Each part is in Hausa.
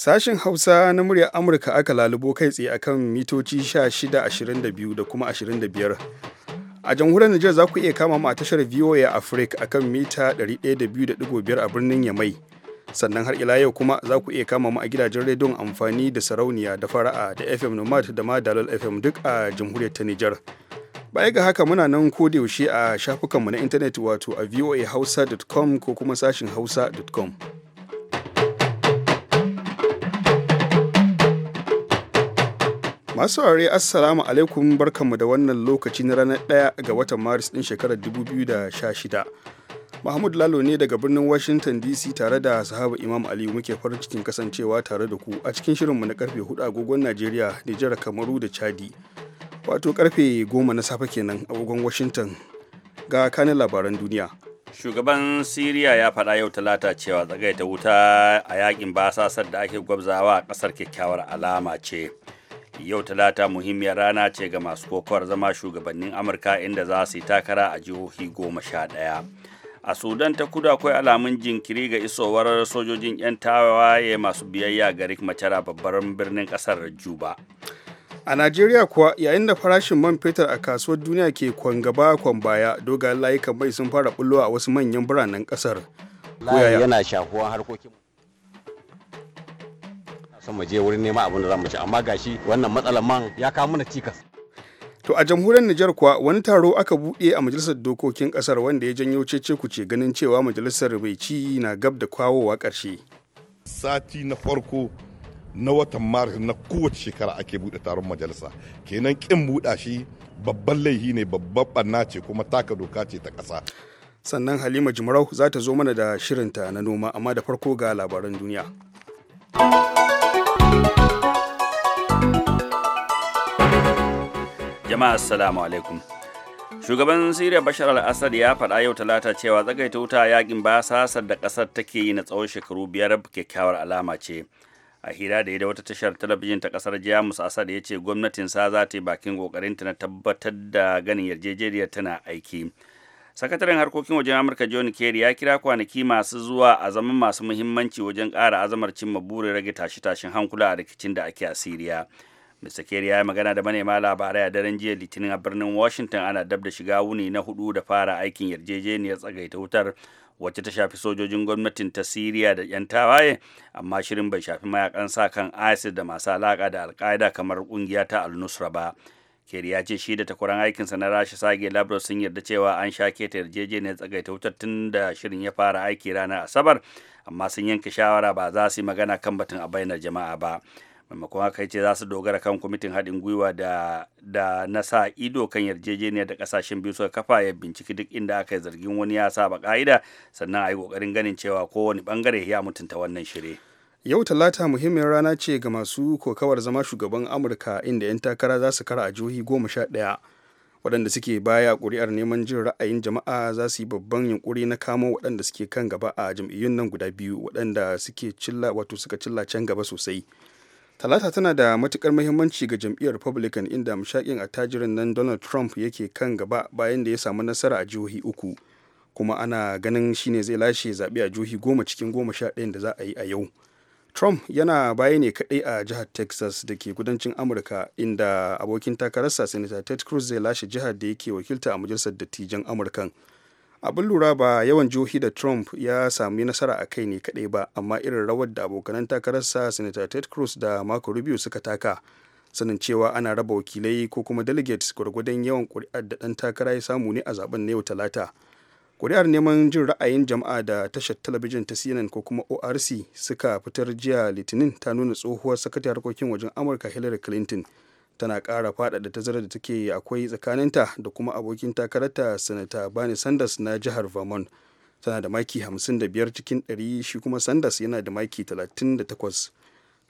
Sashen Hausa na muryar Amurka aka lalubo kai tsaye akan mitoci 1622 da kuma 25. A jamhuriyar Nijar za ku iya kama mu a tashar VOA Africa akan mita 102.5 a birnin Yamai. Sannan har ila yau kuma za ku iya kama mu a gidajen rediyon amfani da sarauniya da fara'a da FM Nomad da ma Dalol FM duk a jamhuriyar ta Nijar. Baya ga haka muna nan ko da yaushe a shafukanmu na intanet wato a voahausa.com ko kuma sashin hausa.com. Masu aure Assalamu alaikum barkanmu da wannan lokaci na ranar 1 ga watan Maris ɗin shekarar 2016. Mahmud Lalo ne daga birnin Washington DC tare da sahaba Imam Aliyu muke farin cikin kasancewa tare da ku a cikin shirinmu na karfe 4 agogon Najeriya, Nijar, Kamaru da Chadi. Wato karfe 10 na safe kenan agogon Washington ga kanin labaran duniya. Shugaban Siriya ya faɗa yau talata cewa tsagaita wuta a yakin basasar da ake gwabzawa a ƙasar kyakkyawar alama ce. yau talata muhimmiyar rana ce ga masu kokowar zama shugabannin amurka inda za su yi takara a jihohi goma sha ɗaya a sudan ta kudu akwai alamun jinkiri ga isowar sojojin 'yan tawaye masu biyayya ga rik babbar babban birnin kasar juba a najeriya kuwa yayin da farashin man fetur a kasuwar duniya ke kwan gaba kwan baya dogayen layukan mai sun fara bullo a wasu manyan biranen kasar yana harkokin san mu je wurin neman abin da za mu ci amma gashi wannan matsalar man ya kawo mana cikas To a jamhuriyar Nijar kuwa wani taro aka buɗe a majalisar dokokin kasar wanda ya janyo cece kuce ganin cewa majalisar bai ci na gab da kawowa karshe. Sati na farko na watan Maris na kowace shekara ake buɗe taron majalisa. Kenan kin buɗa shi babban laifi ne babban ɓanna ce kuma taka doka ce ta kasa. Sannan Halima Jimarau za ta zo mana da shirinta na noma amma da farko ga labaran duniya. jama'a assalamu alaikum shugaban siriya bashar al-assad ya faɗa yau talata cewa tsagaita wuta yakin sasar da ƙasar take yi na tsawon shekaru biyar kyakkyawar alama ce a hira da ya wata tashar talabijin ta ƙasar jamus asad ya ce gwamnatin sa za ta yi bakin ƙoƙarinta na tabbatar da ganin yarjejeniyar tana aiki sakataren harkokin wajen amurka john kerry ya kira kwanaki masu zuwa a zaman masu muhimmanci wajen ƙara azamar cimma burin rage tashe-tashen hankula a rikicin da ake a siriya Mr. Kerry ya yi magana da manema labarai a daren jiya Litinin a birnin Washington ana dab da shiga wuni na hudu da fara aikin yarjejeniyar tsagaita wutar wacce ta shafi sojojin gwamnatin ta Siriya da 'yan tawaye amma shirin bai shafi mayakan sa kan ISIS da masu alaka da alkaida kamar kungiya ta Al-Nusra ba. Kerry ya ce shi da takwaran aikinsa na Rasha Sage Lavrov sun yarda cewa an sha ta yarjejeniyar tsagaita wutar tun da shirin ya fara aiki ranar Asabar amma sun yanke shawara ba za su yi magana kan batun a bainar jama'a ba. maimakon haka ce za su dogara kan kwamitin haɗin gwiwa da, da na sa ido kan yarjejeniyar da ƙasashen biyu suka kafa ya binciki duk inda aka yi zargin wani ya saba ƙa'ida sannan a yi ƙoƙarin ganin cewa kowane ɓangare ya mutunta wannan shirye. Yau Talata muhimmin rana ce ga masu kokawar zama shugaban Amurka inda 'yan takara za su kara a jihohi goma sha ɗaya. Waɗanda suke baya ƙuri'ar neman jin ra'ayin jama'a za su yi babban yunkuri na kamo waɗanda suke kan gaba a jam'iyyun nan guda biyu waɗanda suke cilla wato suka cilla can gaba sosai. talata tana da matukar mahimmanci ga jam'iyyar republican inda mashakin attajirin nan donald trump yake kan gaba bayan da ya samu nasara a jihohi uku kuma ana ganin shine zai lashe zaɓe a jihohi goma cikin goma sha ɗayan da za a yi a yau trump yana baya ne kaɗai a jihar texas da ke kudancin amurka inda abokin takararsa senator ted cruz zai lashe jihar da yake wakilta a majalisar dattijan amurkan abin lura ba yawan jihohi da trump ya sami nasara a kai ne kaɗai ba amma irin rawar da abokanan takararsa senator ted cruz da marco rubio suka taka sanin cewa ana raba wakilai ko kuma delegates gwargwadon yawan kuri'ar da ɗan takara ya samu ne a zaben na yau talata kuri'ar neman jin ra'ayin jama'a da tashar talabijin ta cnn ko kuma orc suka fitar jiya litinin ta nuna tsohuwar sakatar harkokin wajen amurka hillary clinton tana ƙara faɗaɗa tazarar da take akwai tsakaninta da kuma abokin takararta sanata bani sanders na jihar vermont tana da maki 55 cikin 100 shi kuma sanders yana da maki 38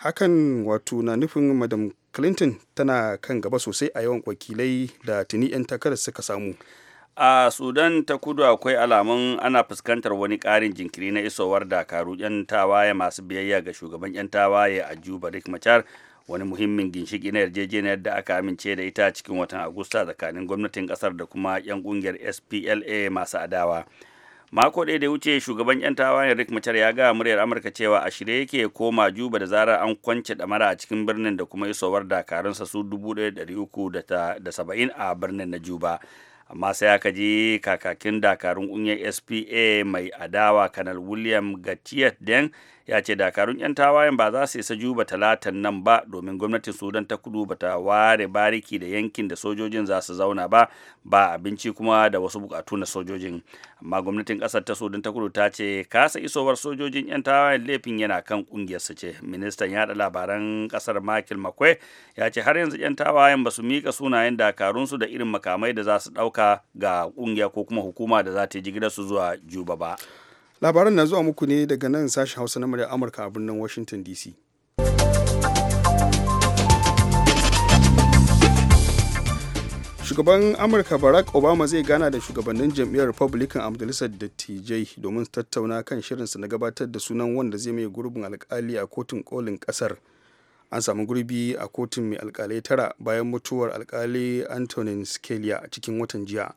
hakan wato na nufin madam clinton tana kan gaba sosai a yawan wakilai da tuni 'yan takarar suka samu a sudan ta kudu akwai alamun ana fuskantar wani ƙarin jinkiri na isowar dakaru 'yan tawaye masu biyayya ga shugaban 'yan tawaye a juba rick machar wani muhimmin ginshiki na yarjejeniyar da aka amince da ita cikin watan agusta tsakanin gwamnatin kasar da kuma 'yan kungiyar spla masu adawa mako ɗaya da wuce shugaban 'yan tawayen rick machar ya ga muryar amurka cewa a shirye yake koma juba da zarar an kwance ɗamara a cikin birnin da kuma isowar dakarunsa su da saba'in a birnin na juba amma sai aka ji kakakin dakarun kungiyar spa mai adawa kanal william gatiyat den ya ce dakarun 'yan tawayen ba za su isa juba talatan nan ba domin gwamnatin sudan ta kudu ba ta ware bariki da yankin da sojojin za su zauna ba ba abinci kuma da wasu bukatu na sojojin amma gwamnatin kasar ta sudan ta kudu ta ce kasa isowar sojojin 'yan tawayen laifin yana kan kungiyar su ce ministan yada labaran kasar michael makwai ya ce har yanzu 'yan tawayen ba su mika sunayen dakarun su da irin makamai da za su dauka ga kungiya ko kuma hukuma da za ta yi jigilar su zuwa juba ba labaran na zuwa muku ne daga nan sashen hausa na murya amurka a birnin washington dc shugaban amurka barack obama zai gana da shugabannin jam'iyyar republican a majalisar dattijai domin tattauna kan shirinsa na gabatar da sunan wanda zai mai gurbin alkali a kotun kolin kasar an samu gurbi a kotun mai alkalai tara bayan mutuwar alkali antonin scalia cikin watan jiya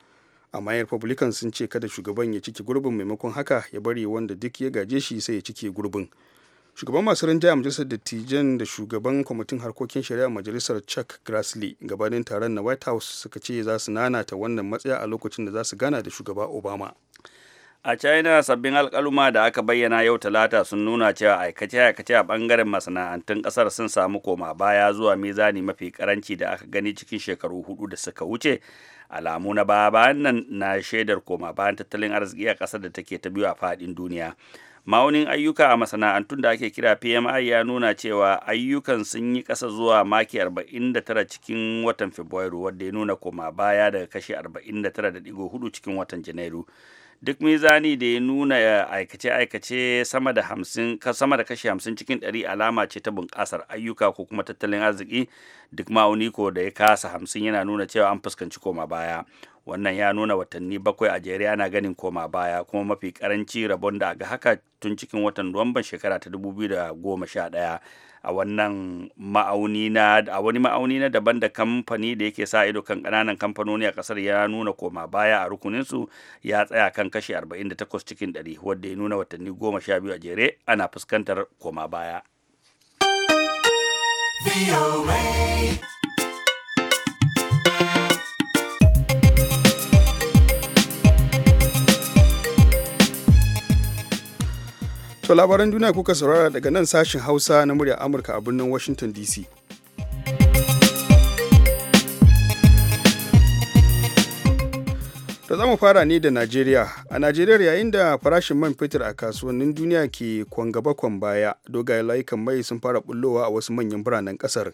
amma yan republican sun ce kada shugaban ya cike gurbin maimakon haka ya bari wanda duk ya gaje shi sai ya cike gurbin shugaban masu rinjaya majalisar dattijan da shugaban kwamitin harkokin shari'a majalisar chuck grassley gabanin taron na white house suka ce za su nanata wannan matsaya a lokacin da za su gana da shugaba obama A China sabbin alkaluma da aka bayyana yau talata sun nuna cewa aikace-aikace a bangaren masana'antun kasar sun samu koma baya zuwa mizani mafi karanci da aka gani cikin shekaru hudu da suka wuce. Alamu na baya bayan nan na shaidar koma bayan tattalin arziki a kasar da take ta biyu a faɗin duniya. Ma'aunin ayyuka a masana'antun da ake kira PMI ya nuna cewa ayyukan sun yi ƙasa zuwa maki 49 cikin watan Fabrairu wadda ya nuna koma baya daga kashi 49.4 cikin watan Janairu. duk mizani da ya nuna eh, aikace-aikace sama da hamsin sama da kashi hamsin cikin ɗari alama ce ta bunƙasar ayyuka ko kuma tattalin arziki duk ma'auni ko da ya kasa hamsin yana nuna cewa an fuskanci koma baya wannan ya nuna watanni bakwai a jere ana ganin koma baya kuma mafi karanci rabon da ga haka tun cikin watan nuwamban shekara ta 2011 a wannan ma'auni na a wani ma'auni na daban da kamfani da yake sa ido kan ƙananan kamfanoni a ƙasar ya nuna koma baya a rukunin su ya tsaya kan kashi 48 cikin 100 wanda ya nuna watanni 12 a jere ana fuskantar koma baya. To labaran duniya kuka saurara daga nan sashin Hausa na murya Amurka a birnin Washington DC. Da zamu fara ne da Najeriya. A Najeriya yayin da farashin man fetur a kasuwannin duniya ke kwangaba kwan baya, dogaye layukan mai sun fara bullowa a wasu manyan biranen kasar.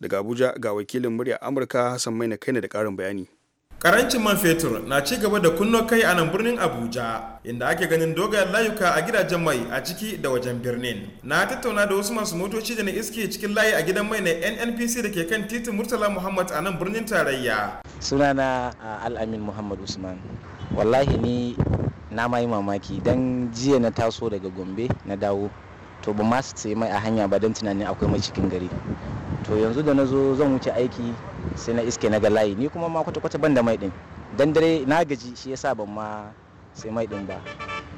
Daga Abuja ga wakilin murya Amurka Hassan Maina Kaina da ƙarin bayani. Karancin man fetur na ci gaba da kunno kai a nan birnin Abuja, inda ake ganin dogayen layuka a gidajen mai a ciki da wajen birnin. Na tattauna da wasu masu motoci da na iske cikin layi a gidan mai na NNPC da ke kan titin Murtala Muhammad a nan birnin tarayya. Sunana Al'amin Muhammad Usman. Wallahi ni na mayi mamaki dan jiya na taso daga Gombe na dawo. To ba ma su mai a hanya ba don tunanin akwai mai cikin gari. To yanzu da na zo zan wuce aiki sai na iske na ga layi ni kuma ma kwata-kwata banda mai din dan dare na gaji shi yasa ban ma sai mai din ba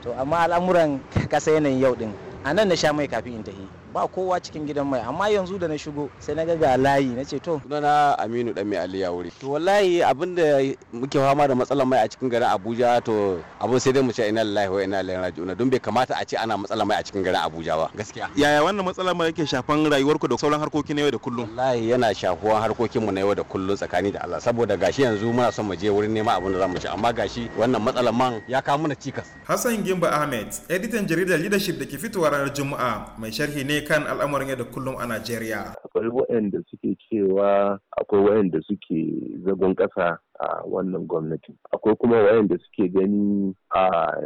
to amma al'amuran kasa yanayin yau din a nan na sha mai kafin in tafi ba kowa cikin gidan mai amma yanzu da na shigo sai na ga layi na ce to sunana Aminu dan mai aliya wuri to wallahi abinda muke fama da matsalar mai a cikin garin Abuja to abu sai dai mu ce ina lillahi wa ina ilaihi raji'un don bai kamata a ce ana matsalar mai a cikin garin Abuja ba gaskiya yaya wannan matsalar mai yake shafan rayuwarku da sauran harkokin yau da kullum wallahi yana shafuwan harkokin mu na yau da kullum tsakani da Allah saboda gashi yanzu muna son mu je wurin neman abin da zamu ci amma gashi wannan matsalar man ya kawo mana cikas Hassan Gimba Ahmed editan jaridar leadership da ke fitowa ranar Juma'a mai sharhi ne kan al'amarin yadda kullum a Najeriya. Akwai waɗanda suke cewa akwai waɗanda suke zagon ƙasa a wannan gwamnati. Akwai kuma waɗanda suke gani a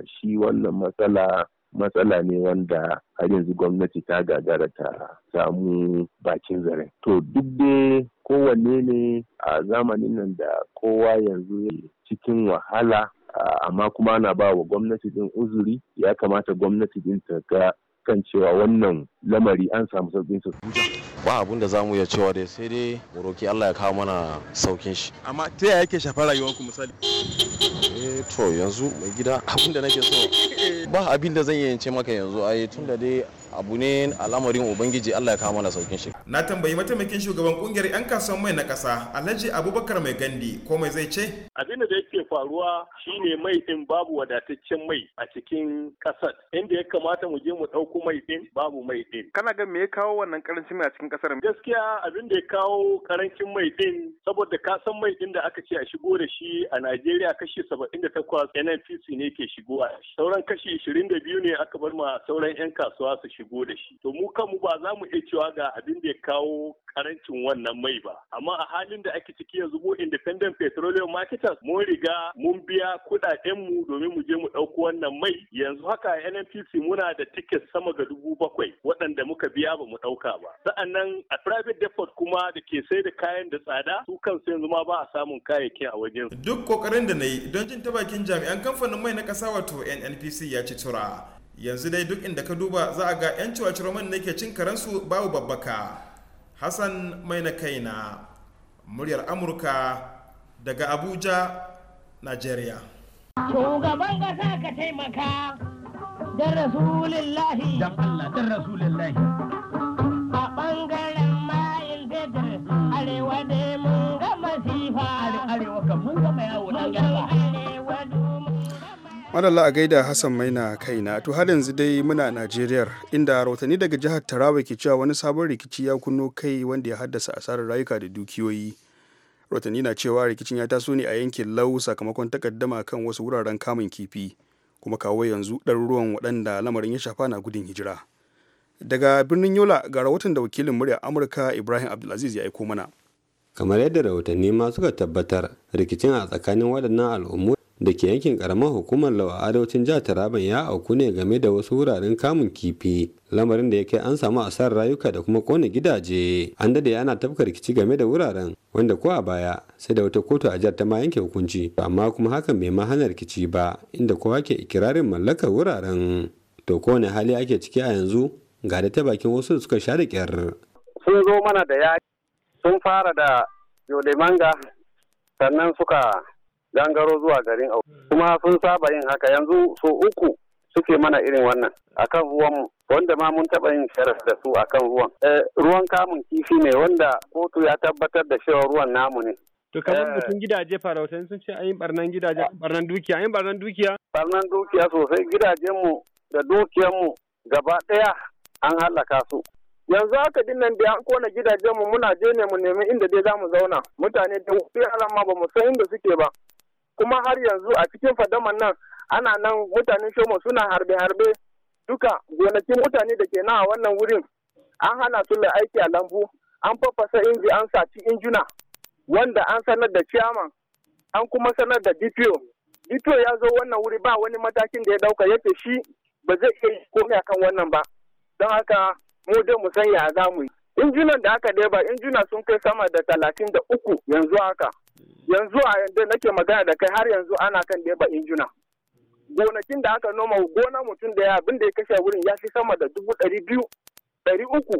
shi wannan matsala matsala ne wanda har yanzu gwamnati ta gagara ta samu bakin zare. To duk dai kowanne ne a zamanin nan da kowa yanzu cikin wahala amma kuma ana ba wa gwamnati din uzuri ya kamata gwamnati din ta ga kan cewa wannan lamari an samu sauƙin su. ba abun da zamu iya cewa dai sai dai mu roki Allah ya kawo mana saukin shi amma ta yaya yake shafar rayuwarku misali eh to yanzu mai gida abin da nake so ba abin zan iya yance maka yanzu ai tunda dai abu ne al'amarin ubangiji Allah ya kama mana saukin shi na tambayi mataimakin shugaban kungiyar yan kasuwan mai na kasa Alhaji Abubakar Mai Gandi ko mai zai ce abin da yake faruwa shine mai din babu wadataccen mai a cikin kasar inda ya kamata mu je mu dauko mai din babu mai din kana ga me ya kawo wannan karancin mai a cikin kasar gaskiya abin da ya kawo karancin mai din saboda ka san mai din da aka ce a shigo da shi a Najeriya kashi 78 NNPC ne ke shigowa sauran kashi 22 ne aka bar ma sauran yan kasuwa su shigo shigo da shi to mu kanmu ba za mu iya cewa ga abin da ya kawo karancin wannan mai ba amma a halin da ake ciki yanzu mu independent petroleum marketers mun riga mun biya kudaden mu domin mu je mu ɗauko wannan mai yanzu haka a NNPC muna da ticket sama ga dubu bakwai waɗanda muka biya ba mu ɗauka ba sa'annan a private depot kuma da ke sai da kayan da tsada su kansu yanzu ma ba a samun kayayyaki a wajen duk kokarin da na yi don jin ta bakin jami'an kamfanin mai na ƙasa wato NNPC ya ci tura yanzu dai duk inda ka duba za a ga 'yan ciwaciroman ne ke cin karensu babu babbaka hassan mai na kaina muryar amurka daga abuja nigeria shugaban kasa ka taimaka da rasulillahi don allah dan rasulillahi a bangaren mayin fetur arewa dai mun ga masifa arewa kan mun ga mayawo dan garba arewa madalla a gaida hassan maina kaina to har yanzu dai muna najeriya inda rahotanni daga jihar taraba ke cewa wani sabon rikici ya kunno kai wanda ya haddasa asarar rayuka da dukiyoyi rahotanni na cewa rikicin ya taso ne a yankin lau sakamakon takaddama kan wasu wuraren kamun kifi kuma kawo yanzu ɗaruruwan waɗanda lamarin ya shafa na gudun hijira daga birnin yola ga rahoton da wakilin muryar amurka ibrahim abdulaziz ya aiko mana kamar yadda rahotanni ma suka tabbatar rikicin a tsakanin waɗannan al'ummu da ke yankin karamar hukumar lawa arewacin jihar taraban ya auku ne game da wasu wuraren kamun kifi lamarin da ya kai an samu asar rayuka da kuma kone gidaje an dade ana tafka rikici game da wuraren wanda ko a baya sai da wata kotu a jihar ta ma yanke hukunci amma kuma hakan bai ma hana rikici ba inda kowa ke ikirarin mallakar wuraren to kowane hali ake ciki a yanzu ga da ta bakin wasu da suka sha da kyar sun zo mana da yaki sun fara da yolemanga sannan suka gangaro zuwa garin au hmm. kuma sun saba yin haka yanzu su uku suke mana irin wannan akan ruwanmu wanda ma mun taɓa yin sharar da su akan ruwan eh, ruwan kamun kifi ne wanda kotu ya tabbatar da cewa ruwan namu ne to kamar mutum eh. gidaje farauta sun ce ayin barnan gidaje barnan dukiya ayin barnan dukiya barnan dukiya sosai gidajenmu da dukiyanmu gaba ɗaya an halaka su yanzu haka dinnan da an kona gidajenmu muna je ne mu nemi inda dai zamu zauna mutane da wasu yaran ma ba mu san inda suke ba kuma har yanzu a cikin fadaman nan ana nan mutanen shomo suna harbe-harbe duka gonakin mutane da ke na a wannan wurin an hana su da aiki a lambu an fafasa inji an saci injuna wanda an sanar da ciyaman an kuma sanar da dpo dpo ya zo wannan wuri ba wani matakin da ya dauka yake shi ba zai iya komai akan wannan ba don haka mu dai mu san ya za mu yi injunan da aka deba injuna sun kai sama da talatin da uku yanzu haka yanzu a yadda nake magana da kai har yanzu ana kan ɗeba injuna gonakin da aka noma gona mutum da ya abin da ya kashe wurin ya fi sama da dubu ɗari biyu ɗari uku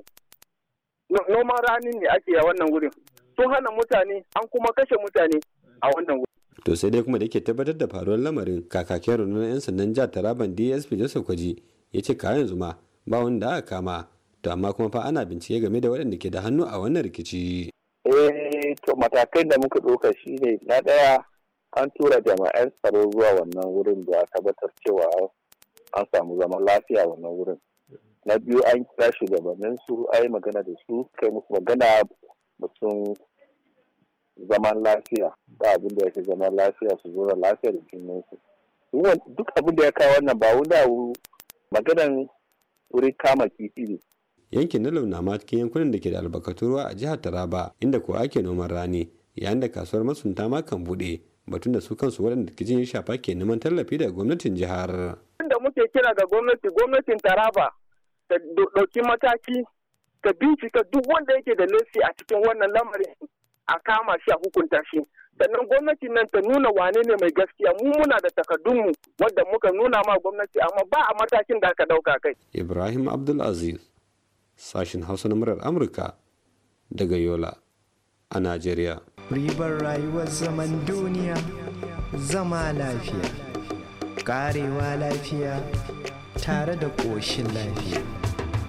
noman rani ne ake a wannan wurin sun hana mutane an kuma kashe mutane a wannan wurin to sai dai kuma da ke tabbatar da faruwar lamarin kakakin rundunar 'yan sandan jihar taraban dsp joseph kwaji ya ce ka yanzu ma ba wanda aka kama to amma kuma fa ana bincike game da waɗanda ke da hannu a wannan rikici. Eh, to matakai da muka ɗauka shine na ɗaya an tura jama'an tsaro zuwa wannan wurin da tabbatar cewa an samu zaman lafiya wannan wurin na biyu an kira shugabannin su a yi magana da su kai musu magana mutum zaman lafiya ba abin da ya zaman lafiya su zo da lafiya da jinin su duk abin da ya kawo wannan ba wani maganan wuri kama kifi ne yankin na launa ma cikin yankunan da ke da albarkatun ruwa a jihar taraba inda kuwa ake noman rani yayin da kasuwar masunta ma kan bude batun da su kansu waɗanda kijin ya shafa ke neman tallafi daga gwamnatin jihar. da muke kira ga gwamnati gwamnatin taraba ta ɗauki mataki ta bincika duk wanda yake da laifi a cikin wannan lamarin a kama shi a hukunta shi sannan gwamnati nan ta nuna wane ne mai gaskiya mu muna da takardunmu wadda muka nuna ma gwamnati amma ba a matakin da aka ɗauka kai. ibrahim abdulaziz Sashen hausa na murar amurka daga yola a najeriya ribar rayuwar zaman duniya zama lafiya karewa lafiya tare da ƙoshin lafiya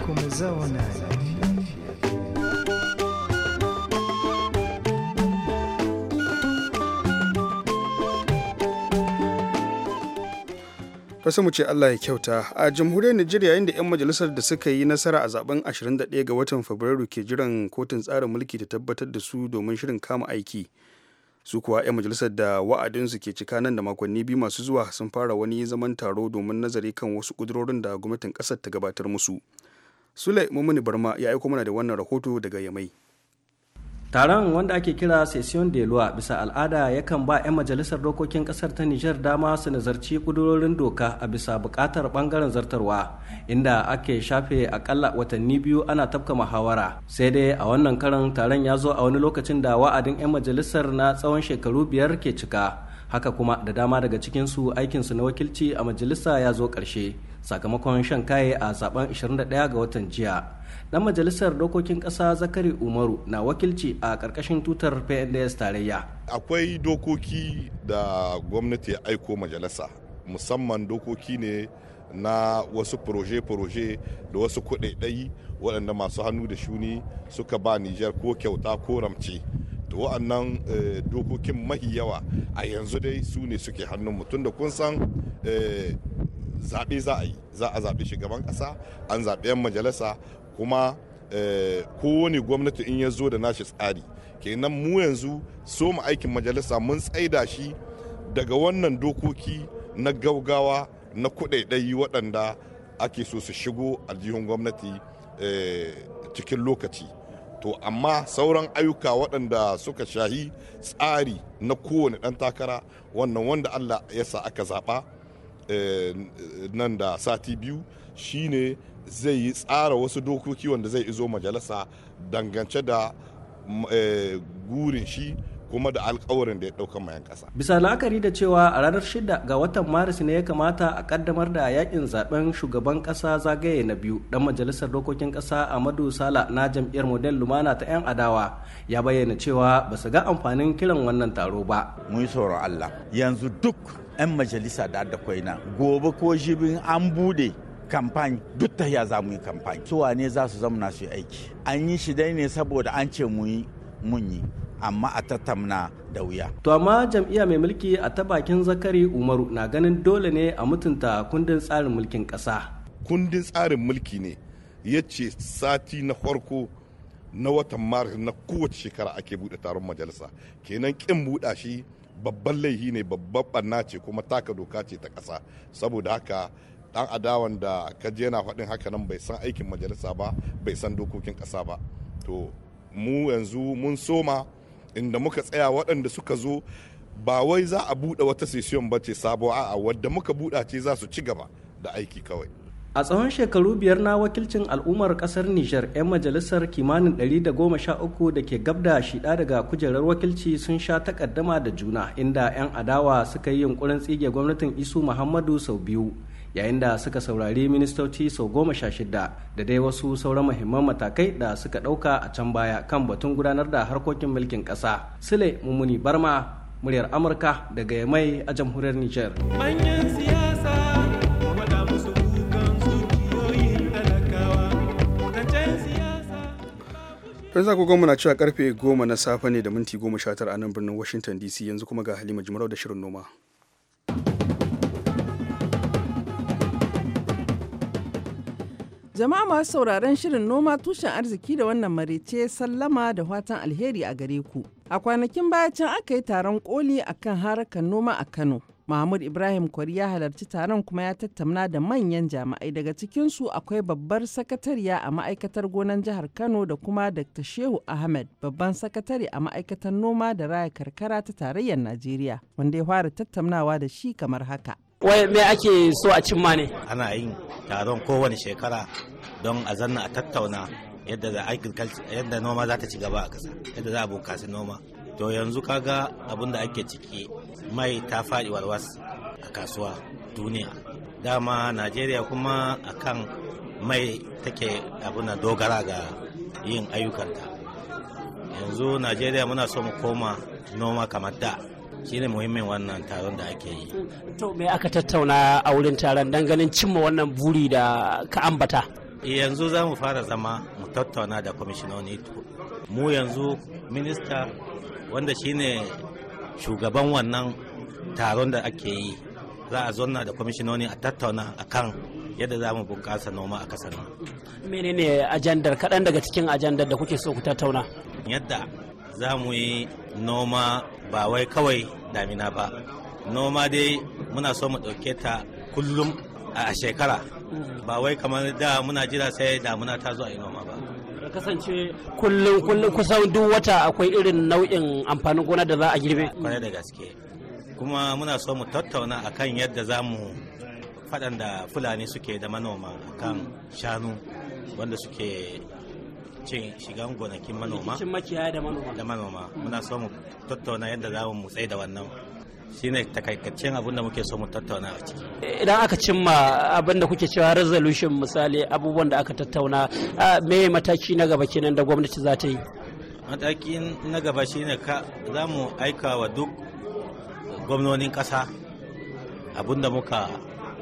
kuma zauna lafiya fasa mu ce Allah ya kyauta a jamhuriyar Najeriya yayin da 'yan majalisar da suka yi nasara a zaben 21 ga watan Fabrairu ke jiran kotun tsarin mulki ta tabbatar da su domin shirin kama aiki su kuwa 'yan majalisar da wa'adinsu ke cika nan da makonni biyu masu zuwa sun fara wani zaman taro domin nazari kan wasu kudurorin da gwamnatin kasar ta gabatar musu sule mumuni barma ya aiko mana da wannan rahoto daga yamai taron wanda ake kira session de loi bisa al'ada yakan ba 'yan majalisar dokokin kasar ta nijar dama su nazarci kudurorin doka a bisa bukatar bangaren zartarwa inda ake shafe akalla watanni biyu ana tafka muhawara sai dai a wannan karan taron ya zo a wani lokacin da wa'adin 'yan majalisar na tsawon shekaru biyar ke cika haka kuma da dama daga cikinsu aikinsu na wakilci a majalisa ya zo ƙarshe sakamakon shan kaye a saban 21 ga watan jiya dan majalisar dokokin ƙasa zakari umaru na wakilci a ƙarƙashin tutar pnds tarayya akwai dokoki da gwamnati ya aiko majalisa musamman dokoki ne na wasu proje-proje da wasu kuɗaɗai waɗanda masu hannu da shuni suka ba nijar ko kyauta ko ramce to wa'annan eh, dokokin mahi yawa a yanzu dai su ne suke hannun mutum da kun san eh, zaɓe za a yi za a zaɓi shugaban ƙasa an zaɓi 'yan majalisa kuma eh, kowane gwamnati in ya zo da nashi tsari kenan mu yanzu so mu aikin majalisa mun tsaida shi daga wannan dokoki na gaugawa na kuɗaɗai waɗanda ake so su shigo aljihun gwamnati cikin lokaci to amma sauran ayyuka waɗanda suka shahi tsari na kowane ɗan takara wannan wanda allah ya sa aka zaɓa eh, nan da sati biyu shine zai yi tsara wasu dokoki wanda zai izo majalisa dangance da eh, gurin shi kuma da alkawarin da ya ɗauka mayan ƙasa. Bisa la'akari da cewa a ranar shida ga watan Maris ne ya kamata a kaddamar da yakin zaben shugaban kasa zagaye na biyu dan majalisar dokokin ƙasa Amadu Sala na jam'iyyar Model Lumana ta 'yan adawa ya bayyana cewa ba su ga amfanin kiran wannan taro ba. Mun yi sauran Allah yanzu duk 'yan majalisa da da na. gobe ko jibin an bude kamfani duk ta ya za mu yi kamfani. Suwa ne za su zamana su yi aiki. An yi shi dai ne saboda an ce mu mun yi. amma a tattamna da wuya. To amma jam'iyya mai mulki a ta bakin Zakari Umaru na ganin dole ne a mutunta kundin tsarin mulkin ƙasa. Kundin tsarin mulki ne ya ce sati na farko na watan maris na kowace shekara ake buɗe taron majalisa kenan kin buɗa shi babban laihi ne babban ɓanna ce kuma taka doka ce ta kasa saboda haka dan adawan da kaji yana faɗin haka nan bai san aikin majalisa ba bai san dokokin ƙasa ba to mu yanzu mun soma inda muka tsaya waɗanda suka zo ba wai za a buɗe wata sesiyon ba ce sabo a wadda muka buɗa ce za su ci gaba da aiki kawai a tsawon shekaru biyar na wakilcin al'ummar ƙasar nijar 'yan majalisar kimanin 113 da ke gab da shida daga kujerar wakilci sun sha takaddama da juna inda 'yan adawa suka yi yunkurin tsige gwamnatin isu muhammadu sau biyu yayin da suka saurari ministoci sau goma sha shida da dai wasu sauran muhimman matakai da suka ɗauka a can baya kan batun gudanar da harkokin mulkin ƙasa sule mummuni barma muryar amurka daga mai a jamhuriyar niger yanzu ku gwamna cewa karfe goma na safe ne da minti goma sha tara a nan birnin washington dc yanzu kuma ga halima jimarau da shirin noma Jama'a masu sauraron shirin noma tushen arziki da wannan marece sallama da fatan alheri a gare ku. A kwanakin baya can aka yi taron koli a kan harakan noma a Kano. Mahmud Ibrahim Kwari ya halarci taron kuma ya tattauna da manyan jami'ai daga cikinsu akwai babbar sakatariya a ma'aikatar gonan jihar Kano da kuma Dr. Shehu Ahmed babban sakatare a ma'aikatar noma da raya karkara ta tarayyar Najeriya wanda ya fara tattaunawa da shi kamar haka. wai me ake so a cimma ne ana yin taron kowane shekara don a zanna a tattauna yadda za yadda noma za ta ci gaba a ƙasa yadda za a bunkasa noma to yanzu kaga abin da ake ciki mai ta faɗi warwas a kasuwa duniya dama najeriya kuma akan mai take abin dogara ga yin ayyukanta yanzu najeriya muna so mu koma noma kamar da Shi ne muhimmin wannan taron da ake yi to me aka tattauna a wurin taron dan ganin cimma wannan buri da ka ambata eh, yanzu za mu fara zama mu tattauna da kwamishinoni mu yanzu minista wanda shi ne shugaban wannan taron da ake yi za a zonna da kwamishinoni a tattauna a kan yadda za mu bunƙasa noma a ƙasar menene ajandar kaɗan daga cikin ajandar da kuke so ku tattauna yadda za mu yi noma ba wai kawai damina ba noma dai muna so mu ɗauke ta kullum a shekara mm. ba wai kamar da muna jira sai damuna ta zo a yi noma ba kasance kullum kullum kusan duk wata akwai irin nau'in amfanin gona da za a girbe kwarai da gaske kuma muna so mu tattauna akan yadda za mu faɗan da fulani suke da manoma kan shanu wanda suke ce shigan gonakin manoma da manoma muna so mu tattauna yadda za mu tsaye da wannan shine takaitaccen abin da muke so mu tattauna a ciki idan aka cimma abin da kuke cewa resolution misali abubuwan da aka tattauna me mataki na gaba kenan da gwamnati za ta yi mataki na gaba shi ne za mu aika wa duk gwamnonin ƙasa abin da muka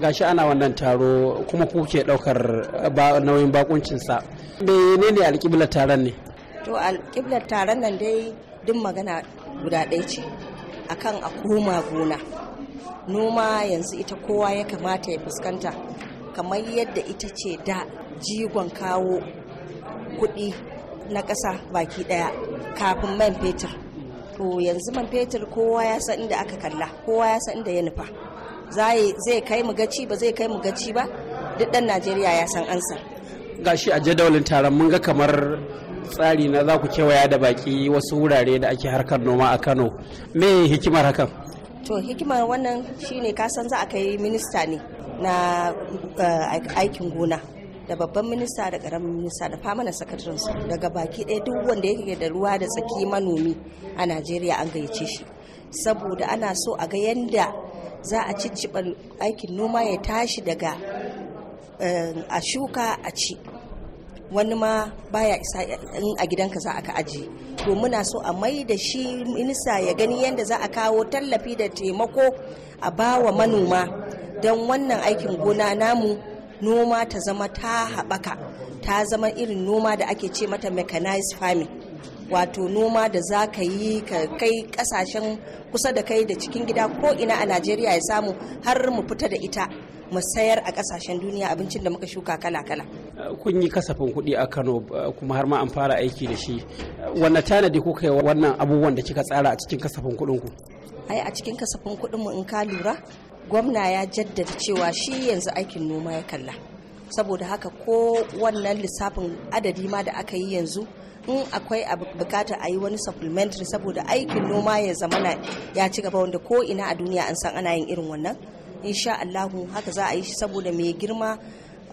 gashi ana wannan taro kuma kuke daukar nauyin bakuncinsa ne alƙiblar taron ne to alƙiblar taron nan dai duk magana guda ɗaya ce akan a koma gona noma yanzu ita kowa ya kamata ya fuskanta kamar yadda ita ce da jigon kawo kuɗi na ƙasa baki ɗaya kafin man fetur to yanzu man fetur kowa ya san inda aka kalla kowa ya san inda ya nufa zai kai mu gaci ba zai kai mu gaci ba duk dan najeriya ya san ansa gashi a jadawalin taron mun ga kamar tsari na za ku kewaya da baki wasu wurare da ake harkar noma a kano me hikimar hakan to hikimar wannan shine san za a kai minista ne na eh, aikin gona da babban minista da karamin minista da famana su daga baki ɗaya duk wanda yake da ruwa da tsaki manomi a najeriya an gayyace shi saboda ana so a ga yanda za a cicciɓa aikin noma ya tashi daga eh, a shuka a ci wani ma baya isa in a gidanka za a ka aji to muna so a mai da shi minista ya gani yadda za a kawo tallafi da taimako a bawa manoma don wannan aikin gona namu noma ta zama ta haɓaka ta zama irin noma da ake ce mata mechanized farming wato noma da za ka yi ka kai kasashen kusa da kai da cikin gida ko ina a najeriya ya samu har mu fita da ita mu sayar a kasashen duniya abincin da muka shuka kala-kala. kun yi kasafin kuɗi a kano eh, kuma har ma an fara aiki da shi wanne tanadi kuka yi wannan abubuwan da kika tsara a cikin kasafin kuɗin ku ai a cikin kasafin kuɗin mu in ka lura gwamna ya jaddada cewa shi yanzu aikin noma ya kalla saboda haka ko wannan lissafin adadi ma da aka yi yanzu in akwai bukatar a yi wani supplementary saboda aikin noma ya zama zamana ya ci gaba wanda ko ina a duniya an san ana yin irin wannan insha Allahu haka za a yi shi saboda mai girma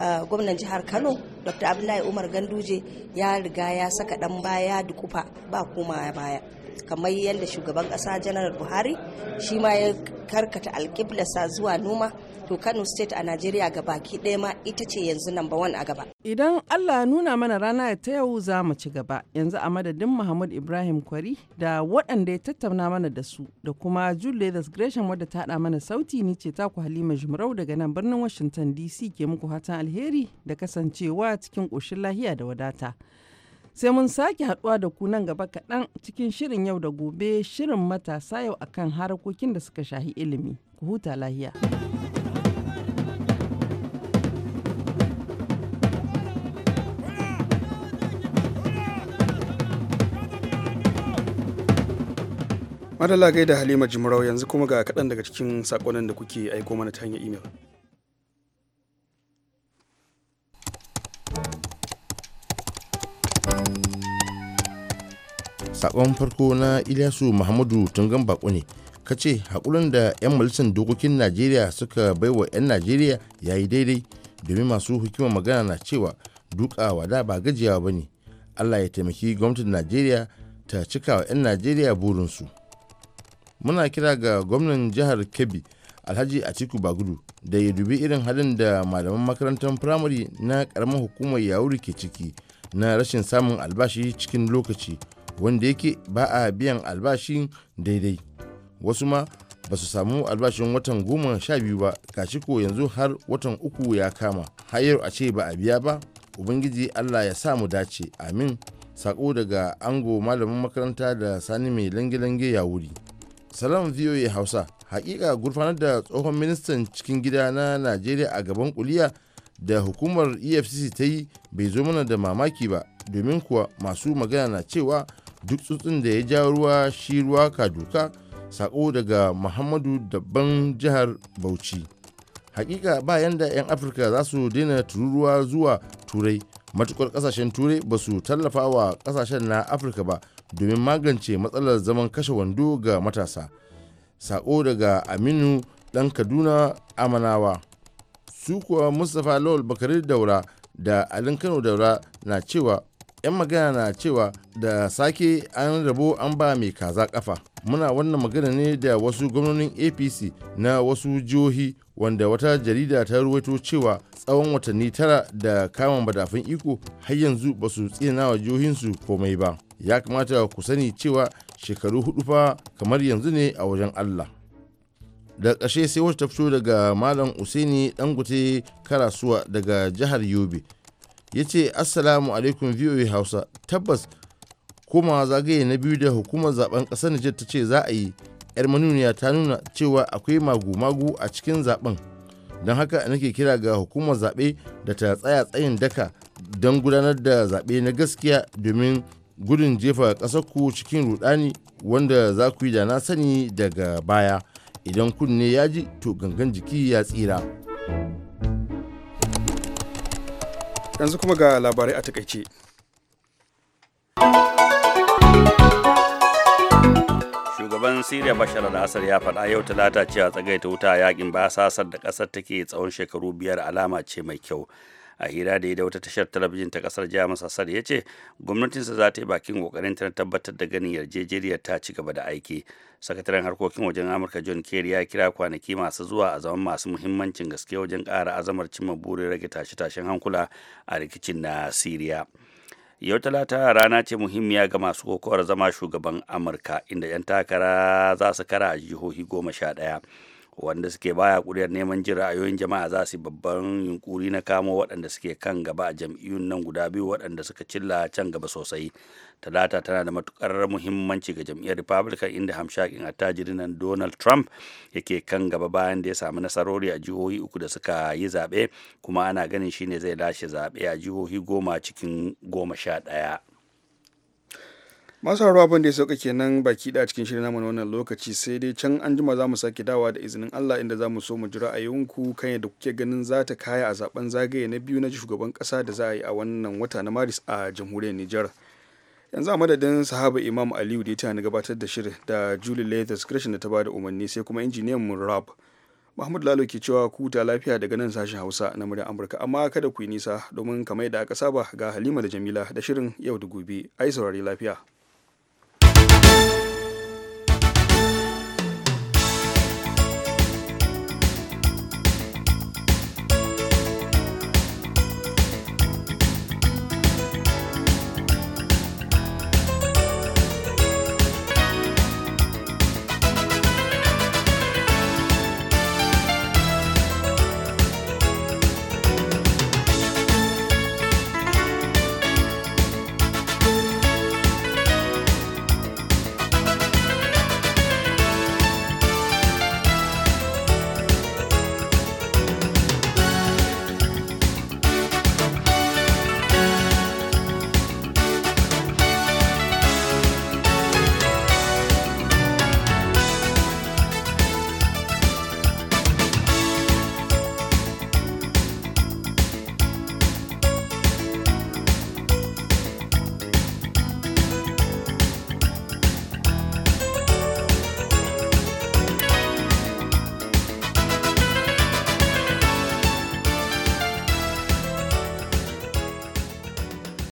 eh, gwamnan jihar Kano Dr. Abdullahi Umar Ganduje ya riga ya saka dan baya dukufa ba koma baya. kamar yadda shugaban kasa janar buhari shi ma ya karkata sa zuwa noma to kano state a najeriya ga baki ɗaya ma ita ce yanzu namba one a gaba idan allah nuna mana rana ya ta yau za mu ci gaba yanzu a madadin muhammad ibrahim kwari da waɗanda ya tattauna mana da su da kuma jule das gresham wadda ta haɗa mana sauti ni ce taku halima jumrau daga nan birnin washington dc ke muku hatan alheri da kasancewa cikin ƙoshin lahiya da wadata. Sai mun sake haduwa da ku nan gaba kaɗan cikin shirin yau da gobe shirin matasa yau a kan harkokin da suka shahi ilimi. Ku huta lahiya. Madalla da Halima Jimarau yanzu kuma ga kaɗan daga cikin saƙonin da kuke aiko mana ta hanyar imel. sabon farko na ilyasu muhammadu tungan bako ne ka ce haƙurin da 'yan majalisar dokokin najeriya suka baiwa 'yan najeriya ya yi daidai domin masu hukumar magana na cewa dukawa wada ba gajiyawa ba ne allah ya taimaki gwamnatin najeriya ta cika wa 'yan najeriya burinsu muna kira ga gwamnan jihar kebbi alhaji atiku bagudu da ya dubi irin halin da malaman makarantar firamare na karamar hukumar yawuri ke ciki na rashin samun albashi cikin lokaci wanda yake ba a biyan albashin daidai wasu ma ba su samu albashin watan goma sha biyu ba gashi ko yanzu har watan uku ya kama hayar a ce ba a biya ba ubangiji allah ya samu dace amin sako daga ango malamin makaranta da sani mai lange-lange ya wuri salam voa hausa hakika gurfanar da tsohon ministan cikin gida na najeriya a gaban kuliya da hukumar efcc ta yi bai zo mana da mamaki ba domin kuwa masu magana na cewa duk tsutsun da ya ja ruwa shi ruwa ka doka sako daga muhammadu daban jihar bauchi hakika ba yanda 'yan afirka za su daina tururuwa zuwa turai matukar kasashen turai ba su tallafa wa kasashen na afirka ba domin magance matsalar zaman kashe wando ga matasa sako daga aminu dan kaduna amanawa su kuwa mustapha lawal bakari daura da alin kano daura na cewa 'yan magana na cewa da sake an rabo an ba mai kaza kafa muna wannan magana ne da wasu gwamnonin apc na wasu jihohi wanda wata jarida ta ruwaito cewa tsawon watanni tara da kama madafin iko har yanzu ba su wa jihohinsu komai ba ya kamata ku sani cewa shekaru hudu fa kamar yanzu ne a wajen allah da ƙashe sai wata ta fito daga malam usaini dangote karasuwa daga jihar yobe ya ce assalamu alaikum voa hausa tabbas koma zagaye na biyu da hukumar zaben ƙasar nijar ta ce za a yi yar manuniya ta nuna cewa akwai magu-magu a cikin zaben don haka nake kira ga hukumar zaɓe da ta tsaya tsayin daka don gudanar da zaɓe na gaskiya domin gudun jefa ku cikin rudani wanda za ku yi da na sani daga baya idan kunne ya ji to gangan jiki ya tsira. yanzu kuma ga labarai a takaice shugaban siriya bashar al-assad ya faɗa yau talata cewa tsagaita wuta a ba basasar da ƙasar take tsawon shekaru biyar alama ce mai kyau a hira da ya da wata tashar talabijin ta kasar jamus asar ya ce gwamnatinsa za ta yi bakin kokarin ta tabbatar da ganin yarjejeniyar ta ci gaba da aiki sakataren harkokin wajen amurka john kerry ya kira kwanaki masu zuwa a zaman masu muhimmancin gaske wajen kara azamar cimma burin rage tashe-tashen hankula a rikicin na syria yau talata rana ce muhimmiya ga masu kokowar zama shugaban amurka inda 'yan takara za su kara a jihohi goma sha ɗaya wanda suke baya kuriyar neman jin ra'ayoyin jama'a za su babban yunkuri na kamo waɗanda suke kan gaba a jam'iyyun nan guda biyu waɗanda suka cilla can gaba sosai talata tana da matukar muhimmanci ga jam'iyyar republican inda hamshakin attajiri nan donald trump yake kan gaba bayan da ya samu nasarori a jihohi uku da suka yi zaɓe kuma ana ganin shine zai lashe zaɓe a jihohi goma cikin goma sha ɗaya masu haruwa abin da ya sauka kenan baki da cikin shirin namu wannan lokaci sai dai can an jima za mu sake dawa da izinin Allah inda za mu so mu ji ra'ayinku kan yadda kuke ganin za ta kaya a zaben zagaye na biyu na shugaban kasa da za a yi a wannan wata na Maris a jamhuriyar Nijar. Yanzu a madadin sahaba Imam Aliyu da ya tana gabatar da shirin da Julie Leathers christian da ta bada umarni sai kuma injiniyan mu rab Mahmud Lalo ke cewa ku ta lafiya daga nan sashen Hausa na murya Amurka amma kada ku yi nisa domin kamar da aka saba ga Halima da Jamila da shirin yau da gobe ai saurari lafiya.